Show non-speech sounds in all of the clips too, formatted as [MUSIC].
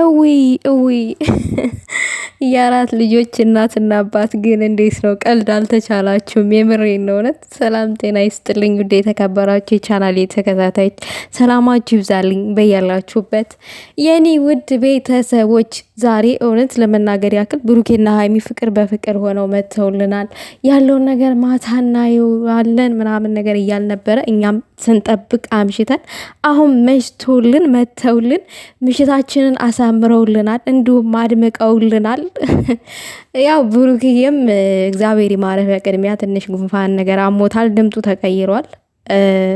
እዊ እዊ [LAUGHS] የአራት ልጆች እናትና አባት ግን እንዴት ነው? ቀልድ አልተቻላችሁም። የምሬን ነው። እውነት ሰላም ጤና ይስጥልኝ። ውድ የተከበራችሁ የቻናል የተከታታዮች ሰላማችሁ ይብዛልኝ በያላችሁበት የኔ ውድ ቤተሰቦች ዛሬ እውነት ለመናገር ያክል ብሩኬና ሀይሚ ፍቅር በፍቅር ሆነው መጥተውልናል። ያለውን ነገር ማታ እናየዋለን ምናምን ነገር እያል ነበረ። እኛም ስንጠብቅ አምሽተን አሁን መሽቶልን መጥተውልን ምሽታችንን አሳምረውልናል፣ እንዲሁም አድምቀውልናል። [LAUGHS] ያው ብሩክዬም እግዚአብሔር ይማረህ። በቅድሚያ ትንሽ ጉንፋን ነገር አሞታል፣ ድምጡ ተቀይሯል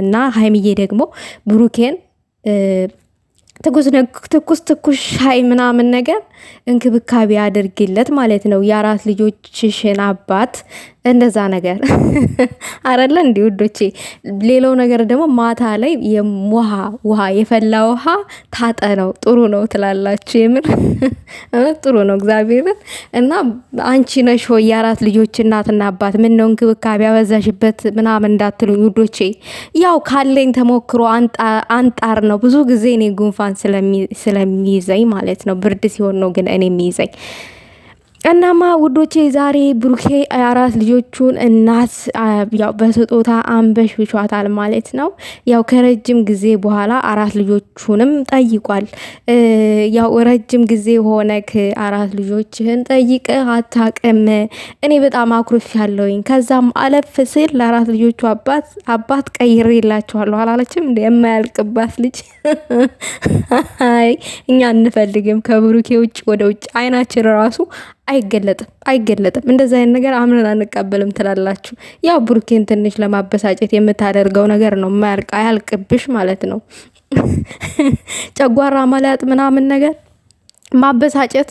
እና ሀይሚዬ ደግሞ ብሩኬን ትኩስ ትኩስ ሻይ ምናምን ነገር እንክብካቤ አድርጊለት ማለት ነው። የአራት ልጆችሽን አባት እንደዛ ነገር [LAUGHS] አረለ እንዲ ውዶቼ። ሌላው ነገር ደግሞ ማታ ላይ ውሃ ውሃ የፈላ ውሃ ታጠ ነው ጥሩ ነው ትላላችሁ። የምር [LAUGHS] ጥሩ ነው እግዚአብሔርን እና አንቺ ነሽ ሆይ የአራት ልጆች እናትና አባት ምን ነው እንክብካቤ አበዛሽበት ምናምን እንዳትሉኝ ውዶቼ። ያው ካለኝ ተሞክሮ አንጣር ነው። ብዙ ጊዜ እኔ ጉንፋን ስለሚይዘኝ ማለት ነው ብርድ ሲሆን ነው någon any music. እናማ ውዶቼ ዛሬ ብሩኬ አራት ልጆቹን እናት ያው በስጦታ አንበሽ ብቿታል ማለት ነው። ያው ከረጅም ጊዜ በኋላ አራት ልጆቹንም ጠይቋል። ያው ረጅም ጊዜ ሆነክ አራት ልጆችህን ጠይቀ አታቅም፣ እኔ በጣም አኩርፍ ያለውኝ። ከዛም አለፍ ስል ለአራት ልጆቹ አባት አባት ቀይሬ የላችኋለሁ አላለችም። እንደ የማያልቅባት ልጅ [LAUGHS] እኛ እንፈልግም ከብሩኬ ውጭ ወደ ውጭ አይናችን ራሱ አይገለጥም አይገለጥም። እንደዚህ አይነት ነገር አምነን አንቀበልም ትላላችሁ። ያው ብሩኬን ትንሽ ለማበሳጨት የምታደርገው ነገር ነው። ማያልቅ አያልቅብሽ ማለት ነው። [LAUGHS] ጨጓራ ማላጥ ምናምን ነገር ማበሳጨት፣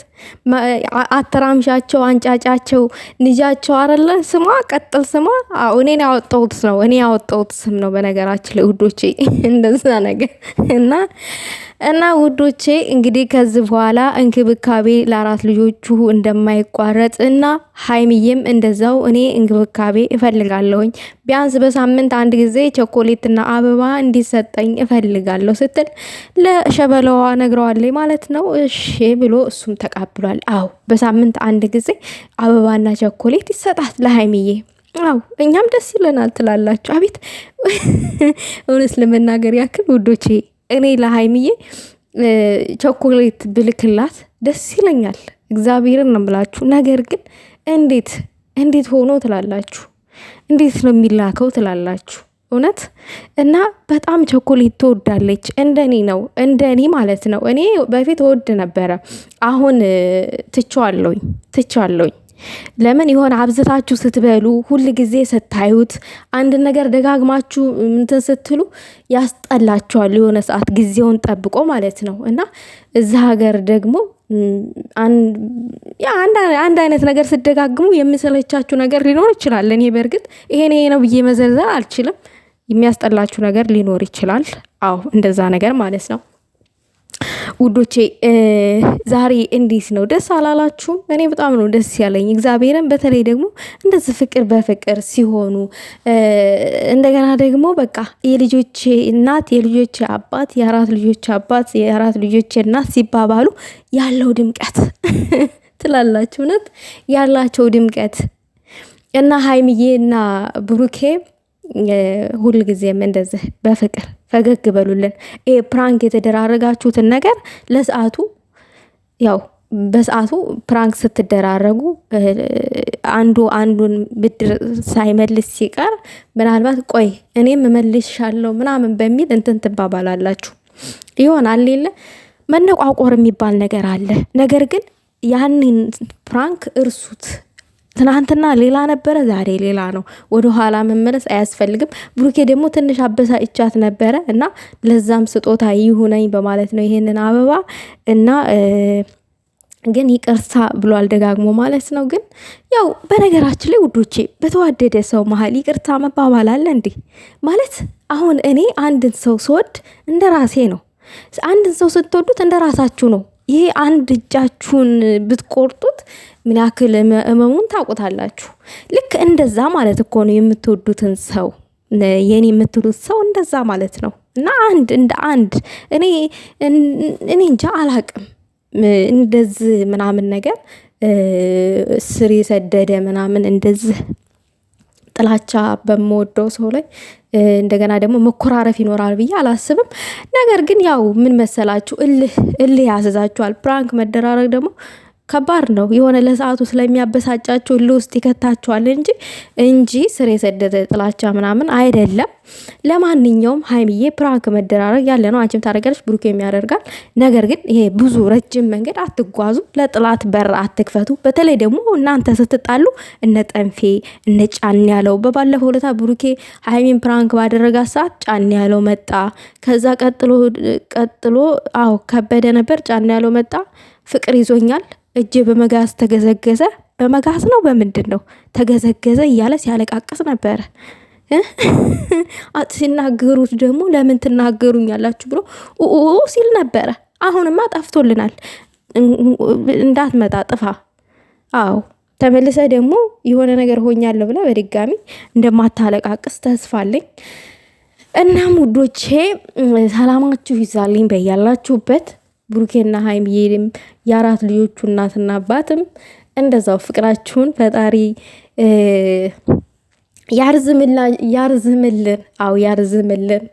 አተራምሻቸው፣ አንጫጫቸው፣ ንጃቸው አረለ ስሟ ቀጥል ስሟ እኔን ያወጣሁት ነው እኔ ያወጣሁት ስም ነው። በነገራችን ለውዶቼ ውዶቼ [LAUGHS] እንደዛ ነገር እና እና ውዶቼ እንግዲህ ከዚህ በኋላ እንክብካቤ ለአራት ልጆቹ እንደማይቋረጥ እና ሀይሚዬም እንደዛው እኔ እንክብካቤ እፈልጋለሁኝ ቢያንስ በሳምንት አንድ ጊዜ ቸኮሌትና አበባ እንዲሰጠኝ እፈልጋለሁ ስትል ለሸበለዋ ነግረዋለች ማለት ነው። እሺ ብሎ እሱም ተቃብሏል። አዎ በሳምንት አንድ ጊዜ አበባና ቸኮሌት ይሰጣት ለሀይሚዬ። አው እኛም ደስ ይለናል ትላላችሁ። አቤት እውነት ለመናገር ያክል ውዶቼ እኔ ለሀይሚዬ ቾኮሌት ብልክላት ደስ ይለኛል። እግዚአብሔርን ነው ብላችሁ ነገር ግን እንዴት እንዴት ሆኖ ትላላችሁ? እንዴት ነው የሚላከው ትላላችሁ? እውነት እና በጣም ቸኮሌት ትወዳለች። እንደኔ ነው እንደኔ ማለት ነው። እኔ በፊት ወድ ነበረ። አሁን ትቼዋለሁኝ ትቼዋለሁኝ። ለምን የሆነ አብዝታችሁ ስትበሉ ሁል ጊዜ ስታዩት አንድ ነገር ደጋግማችሁ እንትን ስትሉ ያስጠላችኋል። የሆነ ሰዓት ጊዜውን ጠብቆ ማለት ነው። እና እዚ ሀገር ደግሞ አንድ አይነት ነገር ስደጋግሙ የሚሰለቻችሁ ነገር ሊኖር ይችላል። እኔ በእርግጥ ይሄን ይሄ ነው ብዬ መዘርዘር አልችልም። የሚያስጠላችሁ ነገር ሊኖር ይችላል። አዎ እንደዛ ነገር ማለት ነው። ውዶቼ ዛሬ እንዴት ነው? ደስ አላላችሁም? እኔ በጣም ነው ደስ ያለኝ እግዚአብሔርን። በተለይ ደግሞ እንደዚህ ፍቅር በፍቅር ሲሆኑ እንደገና ደግሞ በቃ የልጆቼ እናት የልጆቼ አባት የአራት ልጆች አባት የአራት ልጆቼ እናት ሲባባሉ ያለው ድምቀት [LAUGHS] ትላላችሁ እውነት ያላቸው ድምቀት እና ሀይምዬ እና ብሩኬ ሁል ጊዜም እንደዚህ በፍቅር ፈገግ በሉልን። ይሄ ፕራንክ የተደራረጋችሁትን ነገር ለሰዓቱ ያው በሰዓቱ ፕራንክ ስትደራረጉ አንዱ አንዱን ብድር ሳይመልስ ሲቀር ምናልባት ቆይ እኔም እመልስሻለሁ ምናምን በሚል እንትን ትባባላላችሁ ይሆናል የለ መነቋቆር የሚባል ነገር አለ። ነገር ግን ያንን ፕራንክ እርሱት። ትናንትና ሌላ ነበረ፣ ዛሬ ሌላ ነው። ወደኋላ መመለስ አያስፈልግም። ብሩኬ ደግሞ ትንሽ አበሳጭቻት ነበረ እና ለዛም ስጦታ ይሁነኝ በማለት ነው ይሄንን አበባ እና ግን ይቅርታ ብሏል ደጋግሞ ማለት ነው። ግን ያው በነገራችን ላይ ውዶቼ በተዋደደ ሰው መሀል ይቅርታ መባባል አለ እንዴ? ማለት አሁን እኔ አንድን ሰው ስወድ እንደ ራሴ ነው። አንድን ሰው ስትወዱት እንደ ራሳችሁ ነው። ይሄ አንድ እጃችሁን ብትቆርጡት ምን ያክል ህመሙን ታውቁታላችሁ። ልክ እንደዛ ማለት እኮ ነው የምትወዱትን ሰው የኔ የምትሉት ሰው እንደዛ ማለት ነው። እና አንድ እንደ አንድ እኔ እኔ እንጃ አላቅም እንደዚህ ምናምን ነገር ስር የሰደደ ምናምን እንደዚህ ጥላቻ በምወደው ሰው ላይ እንደገና ደግሞ መኮራረፍ ይኖራል ብዬ አላስብም። ነገር ግን ያው ምን መሰላችሁ እልህ እልህ ያስዛችኋል። ፕራንክ መደራረግ ደግሞ ከባድ ነው የሆነ ለሰዓቱ ስለሚያበሳጫቸው ልውስጥ ይከታቸዋል እንጂ እንጂ ስር የሰደደ ጥላቻ ምናምን አይደለም። ለማንኛውም ሀይሚዬ ፕራንክ መደራረግ ያለ ነው። አንቺም ታደርጋለች፣ ብሩክ የሚያደርጋል። ነገር ግን ይሄ ብዙ ረጅም መንገድ አትጓዙ፣ ለጥላት በር አትክፈቱ። በተለይ ደግሞ እናንተ ስትጣሉ እነ ጠንፌ እነ ጫን ያለው በባለፈው ለታ ብሩኬ ሀይሚን ፕራንክ ባደረጋት ሰዓት ጫን ያለው መጣ። ከዛ ቀጥሎ ቀጥሎ አዎ ከበደ ነበር። ጫን ያለው መጣ። ፍቅር ይዞኛል እጄ በመጋዝ ተገዘገዘ። በመጋዝ ነው በምንድን ነው ተገዘገዘ እያለ ሲያለቃቅስ ነበረ። ሲናገሩት ደግሞ ለምን ትናገሩኛላችሁ ብሎ ሲል ነበረ። አሁንማ ጠፍቶልናል። እንዳትመጣ ጥፋ። አዎ ተመልሰ ደግሞ የሆነ ነገር ሆኛለሁ ብለ በድጋሚ እንደማታለቃቅስ ተስፋለኝ። እናም ውዶቼ ሰላማችሁ ይዛልኝ በያላችሁበት ብሩኬና ሀይሚዬም የአራት ልጆቹ እናትና አባትም እንደዛው ፍቅራችሁን ፈጣሪ ያርዝምልን። አዎ ያርዝምልን።